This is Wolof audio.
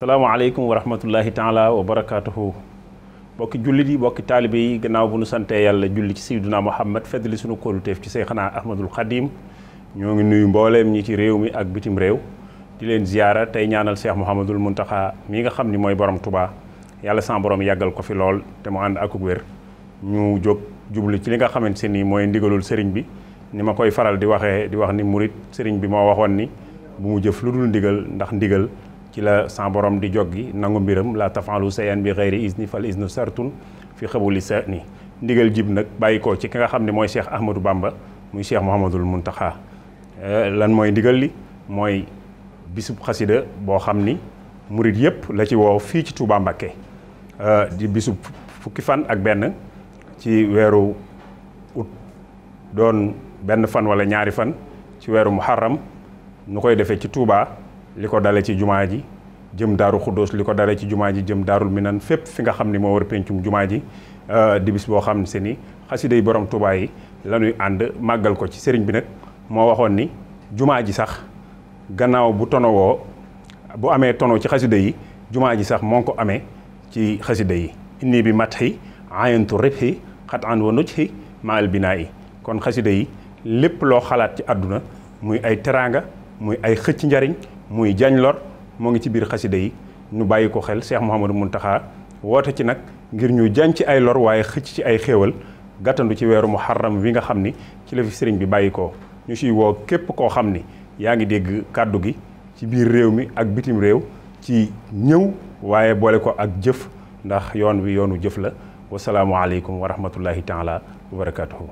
salaamaaleykum wa rahmatullahi taala wa barakaatuhu bokki jullit yi bokki taalibe yi gannaaw bu nu sante yàlla julli ci sayyiduna Muhammad feddali sunu kóoluteef ci say xanaa Ahmadul Xadim ñoo ngi nuyu mbooleem ñi ci réew mi ak bitim réew di leen ziyaara tey ñaanal Seex Muhammadul Muntaxa mi nga xam ni mooy borom Tubaa yàlla sama borom yàggal ko fi lool te mu ànd akuk wér ñu jóg jublu ci li nga xamante ni mooy ndigalul sëriñ bi ni ma koy faral di waxee di wax ni murit sëriñ bi moo waxoon ni bu mu jëf lu dul ndigal ndax ndigal ci la san boroom di joggi nangu mbiram la tafalu sayan bi xeyri isni fal isnu sartun fi xabuli sa ni ndigal jib nag bàyyikoo ci ki nga xam ne mooy Cheikh Ahmadou Bamba muy Cheikh Mouhamadul Muntaxa eh, lan mooy ndigal li mooy bisub xasida boo xam ni murit yépp la ci woow fii ci Touba Mbakke eh, di bisub fukki fan ak benn ci weeru ut doon benn fan wala ñaari fan ci weeru muharram nu koy defee ci tuubaa li ko dale ci jumaa ji jëm daaru xuddoos li ko dale ci jumaa ji jëm daarul minan fépp fi nga xam ni moo war péncum jumaa ji euh, di bis boo xam se ni xasida yi borom Tuubaa yi la ànd màggal ko ci sëriñ bi nag moo waxoon ni jumaa ji sax gannaaw bu tono woo bu amee tono ci xasida yi jumaa ji sax moo ko amee ci xasida yi inni bi mat xi ayantu rib xi xat an wa nuj xi maal binaa yi kon xasida yi lépp loo xalaat ci àdduna muy ay teraanga muy ay xëcc njariñ muy Diagne Lor mu ngi ci biir xasida yi ñu bàyyi ko xel Cheikh Mouhamadou Mountakha woote ci nag ngir ñu jañ ci ay lor waaye xëcc ci ay xéewal gàttandu ci weeru muharram wi nga xam ni ci la fi sëriñ bi bàyyi ko ñu ciy woo képp koo xam ni yaa ngi dégg kàddu gi ci biir réew mi ak bitim réew ci ñëw waaye boole ko ak jëf ndax yoon wi yoonu jëf la wasalaamualeykum wa rahmatullahi taala wa barakatuhu